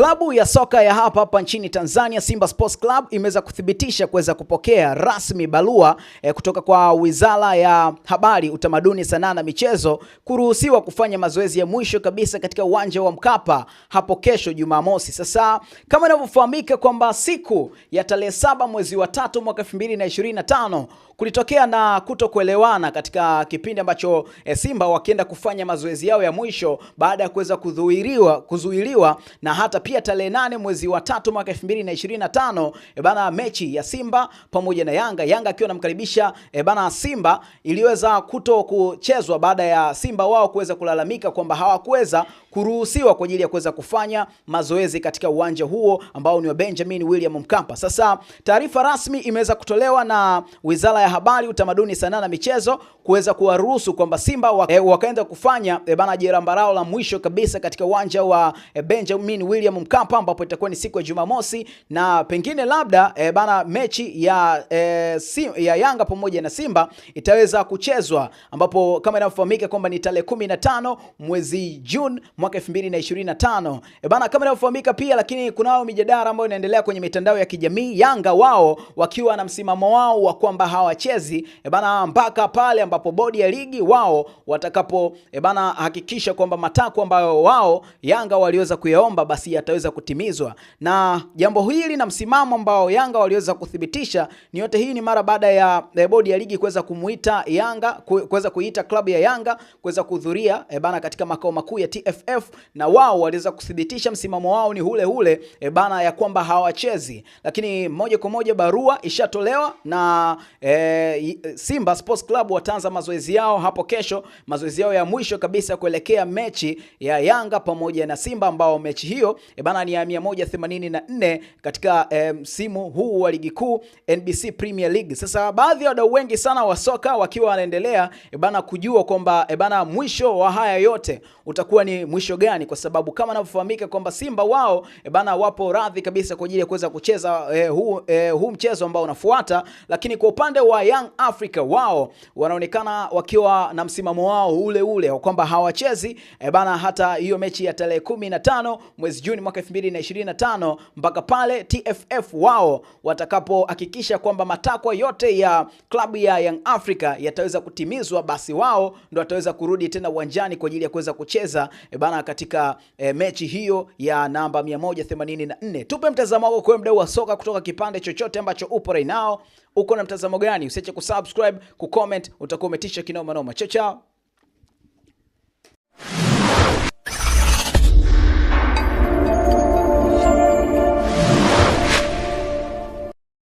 Klabu ya soka ya hapa hapa nchini Tanzania Simba Sports Club imeweza kuthibitisha kuweza kupokea rasmi barua eh, kutoka kwa Wizara ya Habari, Utamaduni, Sanaa na Michezo kuruhusiwa kufanya mazoezi ya mwisho kabisa katika uwanja wa Mkapa hapo kesho Jumamosi. Sasa kama inavyofahamika kwamba siku ya tarehe saba mwezi wa tatu mwaka 2025 kulitokea na kutokuelewana katika kipindi ambacho e, Simba wakienda kufanya mazoezi yao ya mwisho baada ya kuweza kudhuiriwa kuzuiliwa na hata pia tarehe nane mwezi wa tatu mwaka 2025 e, eh, bana mechi ya Simba pamoja na Yanga, Yanga akiwa anamkaribisha e, bana Simba iliweza kuto kuchezwa baada ya Simba wao kuweza kulalamika kwamba hawakuweza kuruhusiwa kwa ajili ya kuweza kufanya mazoezi katika uwanja huo ambao ni wa Benjamin William Mkapa. Sasa taarifa rasmi imeweza kutolewa na Wizara ya habari, utamaduni, sanaa na michezo kuweza kuwaruhusu kwamba Simba wa, e, wakaenda kufanya e, bana jeraha lao la mwisho kabisa katika uwanja wa e, Benjamin William Mkapa ambapo itakuwa ni siku ya Jumamosi na pengine labda e, bana mechi ya, e, sim, ya Yanga pamoja na Simba itaweza kuchezwa ambapo kama inavyofahamika kwamba ni tarehe 15 mwezi Juni mwaka 2025. E, bana kama inavyofahamika pia lakini kunao mijadala ambayo inaendelea kwenye mitandao ya kijamii Yanga wao wakiwa na msimamo wao wa kwamba hawa hawachezi e bana mpaka pale ambapo bodi ya ligi wao watakapo e bana hakikisha kwamba matakwa ambayo wao Yanga waliweza kuyaomba basi yataweza kutimizwa, na jambo hili na msimamo ambao Yanga waliweza kuthibitisha ni yote hii ni mara baada ya e, bodi ya ligi kuweza kumuita Yanga kuweza kuita klabu ya Yanga kuweza kuhudhuria bana katika makao makuu ya TFF, na wao waliweza kuthibitisha msimamo wao ni hule hule bana ya kwamba hawachezi, lakini moja kwa moja barua ishatolewa na e, Eh, eh, Simba Sports Club wataanza mazoezi yao hapo kesho, mazoezi yao ya mwisho kabisa kuelekea mechi ya Yanga pamoja na Simba, ambao mechi hiyo e, bana ni ya 184 katika e, msimu huu wa ligi kuu NBC Premier League. Sasa baadhi ya wadau wengi sana wa soka wakiwa wanaendelea e, bana kujua kwamba e, bana mwisho wa haya yote utakuwa ni mwisho gani, kwa sababu kama anavyofahamika kwamba Simba wao e, bana wapo radhi kabisa kwa ajili ya kuweza kucheza e, huu e, huu mchezo ambao unafuata, lakini kwa upande wa Young Africa wao wanaonekana wakiwa na msimamo wao ule ule kwamba hawachezi e bana, hata hiyo mechi ya tarehe 15 mwezi Juni mwaka 2025 mpaka pale TFF wao watakapohakikisha kwamba matakwa yote ya klabu ya Young Africa yataweza kutimizwa, basi wao ndo wataweza kurudi tena uwanjani kwa ajili ya kuweza kucheza e bana, katika e, mechi hiyo ya namba 184. Tupe mtazamo wako kwa mdau wa soka kutoka kipande chochote ambacho upo right now, uko na mtazamo gani? gani? Usiache kusubscribe, kucomment, utakuwa umetisha kinoma noma. Chao chao.